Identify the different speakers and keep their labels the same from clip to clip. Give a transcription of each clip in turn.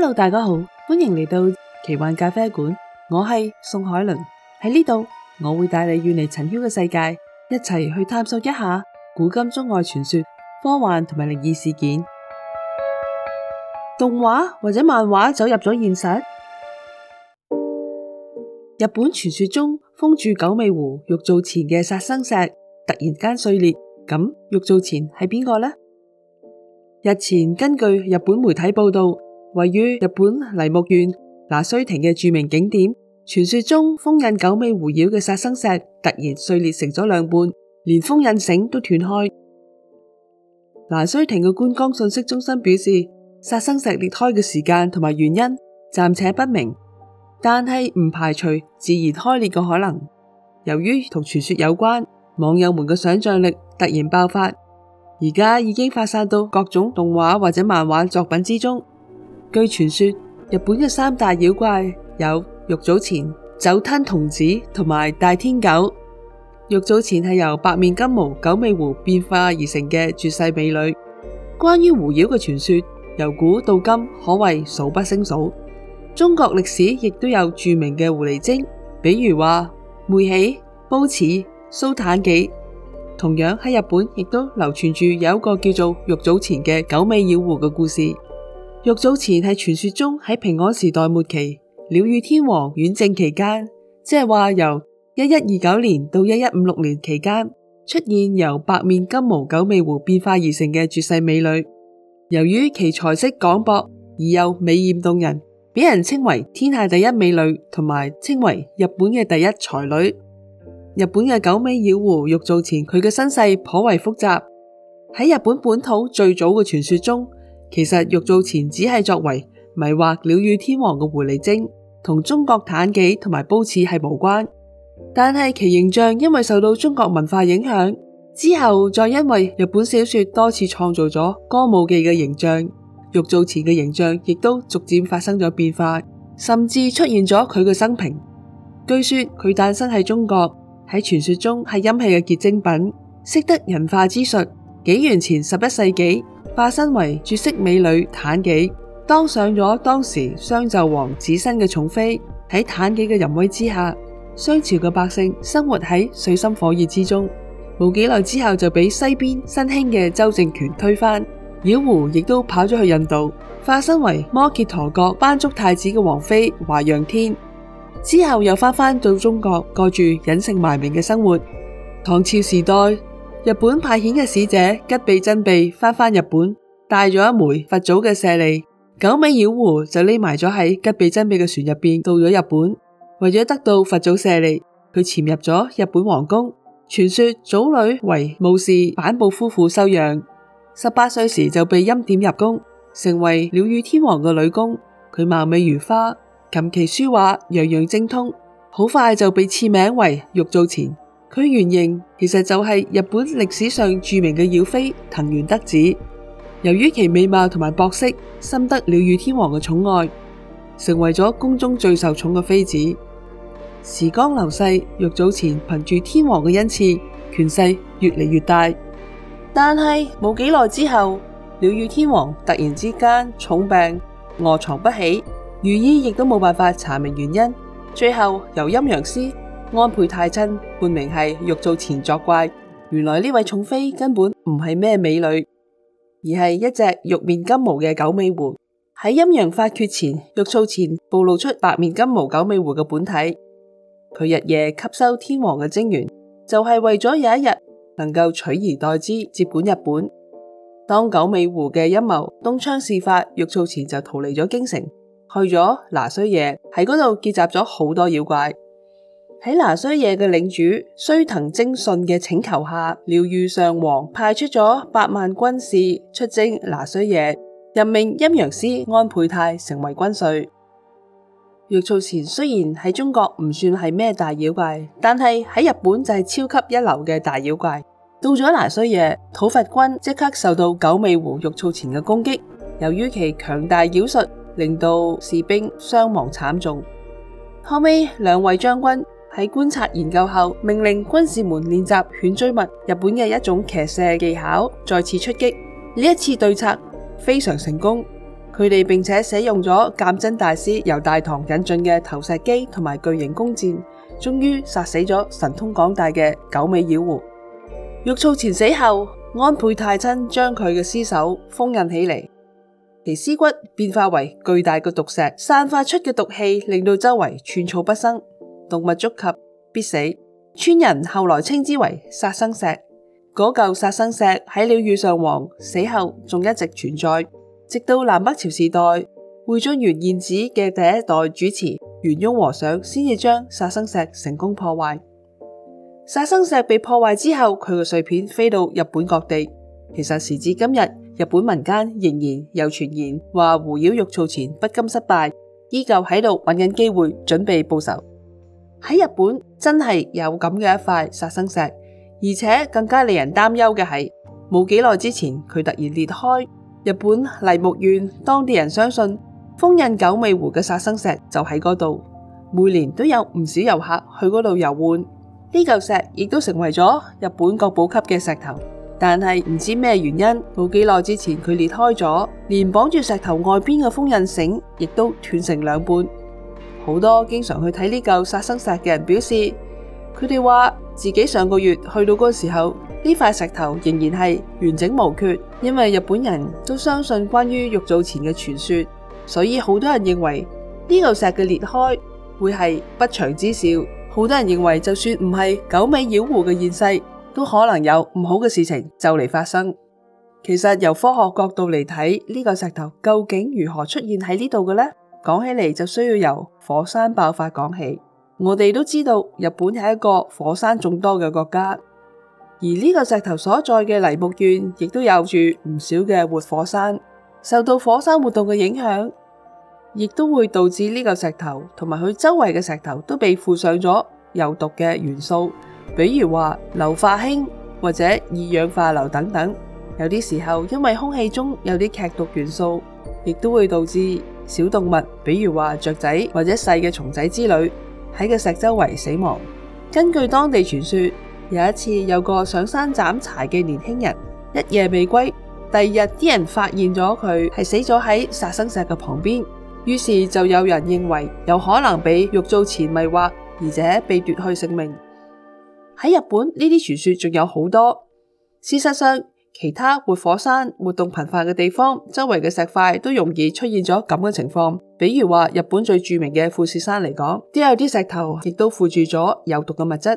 Speaker 1: hello，大家好，歡迎嚟到奇幻咖啡館。我係宋海倫喺呢度，我會帶你遠離塵囂嘅世界，一齊去探索一下古今中外傳說、科幻同埋靈異事件、動畫或者漫畫走入咗現實。日本傳說中封住九尾狐玉藻前嘅殺生石突然間碎裂，咁玉藻前係邊個呢？日前根據日本媒體報道。位於日本栃木縣，據傳說，日本嘅三大妖怪有玉藻前、酒吞童子同埋大天狗。玉藻前係由白面金毛九尾狐變化而成嘅絕世美女。關於狐妖嘅傳說，由古到今可謂數不勝數。中國歷史亦都有著名嘅狐狸精，比如話梅喜、褒姒、蘇妲己。同樣喺日本，亦都流傳住有一個叫做玉藻前嘅九尾妖狐嘅故事。玉藻前係傳說中喺平安時代末期鳥羽天皇院政期間，即係話由一一二九年到一一五六年期間出現由白面金毛九尾狐變化而成嘅絕世美女。由於其才識廣博而又美艷動人，俾人稱為天下第一美女，同埋稱為日本嘅第一才女。日本嘅九尾妖狐玉藻前，佢嘅身世頗為複雜。喺日本本土最早嘅傳說中，其實玉藻前只係作為迷惑鳥羽天皇嘅狐狸精，同中國妲己同埋褒姒係無關。但係其形象因為受到中國文化影響，之後再因為日本小說多次創造咗歌舞伎嘅形象，玉藻前嘅形象亦都逐漸發生咗變化，甚至出現咗佢嘅生平。據說佢誕生喺中國，喺傳說中係陰氣嘅結晶品，識得人化之術。紀元前十一世紀，化身為絕色美女妲己，當上咗當時商紂王子辛嘅寵妃。喺妲己嘅淫威之下，商朝嘅百姓生活喺水深火熱之中。冇幾耐之後就畀西邊新興嘅周政權推翻，妖狐亦都跑咗去印度，化身為摩羯陀國班竹太子嘅王妃華陽天。之後又返翻到中國過住隱姓埋名嘅生活。唐朝時代。日本派遣嘅使者吉備真備返返日本，帶咗一枚佛祖嘅舍利，九尾妖狐就匿埋咗喺吉備真備嘅船入邊，到咗日本。為咗得到佛祖舍利，佢潛入咗日本皇宮。傳說祖女為武士板部夫婦收養，十八歲時就被欽點入宮，成為鳥羽天皇嘅女宮。佢貌美如花，琴棋書畫樣樣精通，好快就被賜名為玉藻前。佢原型其實就係日本歷史上著名嘅妖妃藤原得子，由於其美貌同埋博識，深得鳥羽天皇嘅寵愛，成為咗宮中最受寵嘅妃子。時光流逝，玉藻前憑住天皇嘅恩賜，權勢越嚟越大，但係冇幾耐之後，鳥羽天皇突然之間重病卧床不起，御醫亦都冇辦法查明原因，最後由陰陽師。安倍泰親，判明係玉藻前作怪。原來呢位寵妃根本唔係咩美女，而係一隻玉面金毛嘅九尾狐。喺陰陽發決前，玉藻前暴露出白面金毛九尾狐嘅本體。佢日夜吸收天皇嘅精元，就係、是、為咗有一日能夠取而代之，接管日本。當九尾狐嘅陰謀東窗事發，玉藻前就逃離咗京城，去咗那須野，喺嗰度結集咗好多妖怪。喺那須野嘅領主須藤征信嘅請求下，鳥羽上皇派出咗八萬軍士出征那須野，任命陰陽師安倍泰成為軍帥。玉藻前雖然喺中國唔算係咩大妖怪，但係喺日本就係超級一流嘅大妖怪。到咗那須野，討伐軍即刻受到九尾狐玉藻前嘅攻擊，由於其強大妖術，令到士兵傷亡慘重。後尾兩位將軍喺觀察研究後，命令軍士們練習犬追物，日本嘅一種騎射技巧，再次出擊。呢一次對策非常成功，佢哋並且使用咗鑒真大師由大唐引進嘅投石機同埋巨型弓箭，終於殺死咗神通廣大嘅九尾妖狐。玉藻前死後，安倍泰親將佢嘅屍首封印起嚟，其屍骨變化為巨大嘅毒石，散發出嘅毒氣令到周圍寸草不生。動物觸及必死，村人後來稱之為殺生石。嗰嚿殺生石喺了鳥羽上皇死後仲一直存在，直到南北朝時代，會津示現寺嘅第一代主持源翁和尚先至將殺生石成功破壞。殺生石被破壞之後，佢嘅碎片飛到日本各地。其實時至今日，日本民間仍然有傳言話狐妖玉藻前不甘失敗，依舊喺度搵緊機會準備報仇。喺日本真係有咁嘅一塊殺生石，而且更加令人擔憂嘅係，冇幾耐之前佢突然裂開。日本栃木縣當地人相信，封印九尾狐嘅殺生石就喺嗰度，每年都有唔少遊客去嗰度遊玩。呢嚿石亦都成為咗日本國寶級嘅石頭，但係唔知咩原因，冇幾耐之前佢裂開咗，連綁住石頭外邊嘅封印繩亦都斷成兩半。好多經常去睇呢嚿殺生石嘅人表示，佢哋話自己上個月去到嗰時候，呢塊石頭仍然係完整無缺。因為日本人都相信關於玉藻前嘅傳說，所以好多人認為呢嚿、這個、石嘅裂開會係不祥之兆。好多人認為就算唔係九尾妖狐嘅現世，都可能有唔好嘅事情就嚟發生。其實由科學角度嚟睇，呢、這個石頭究竟如何出現喺呢度嘅呢？講起嚟就需要由火山爆發講起，我哋都知道日本係一個火山眾多嘅國家，而呢個石頭所在嘅栃木縣亦都有住唔少嘅活火山，受到火山活動嘅影響，亦都會導致呢個石頭同埋佢周圍嘅石頭都被附上咗有毒嘅元素，比如話硫化氫或者二氧化硫等等。有啲時候，因為空氣中有啲劇毒元素，亦都會導致小動物，比如話雀仔或者細嘅蟲仔之類，喺個石周圍死亡。根據當地傳說，有一次有個上山斬柴嘅年輕人一夜未歸，第二日啲人發現咗佢係死咗喺殺生石嘅旁邊，於是就有人認為有可能被玉藻前迷惑，而且被奪去性命。喺日本呢啲傳說仲有好多。事實上，其他活火山活動頻繁嘅地方，周圍嘅石塊都容易出現咗咁嘅情況。比如話日本最著名嘅富士山嚟講，都有啲石頭亦都附住咗有毒嘅物質。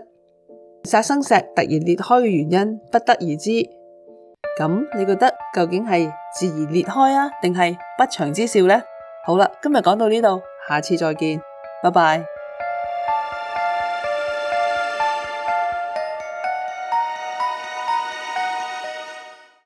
Speaker 1: 殺生石突然裂開嘅原因不得而知。咁、嗯、你覺得究竟係自然裂開啊，定係不祥之兆呢？好啦，今日講到呢度，下次再見，拜拜。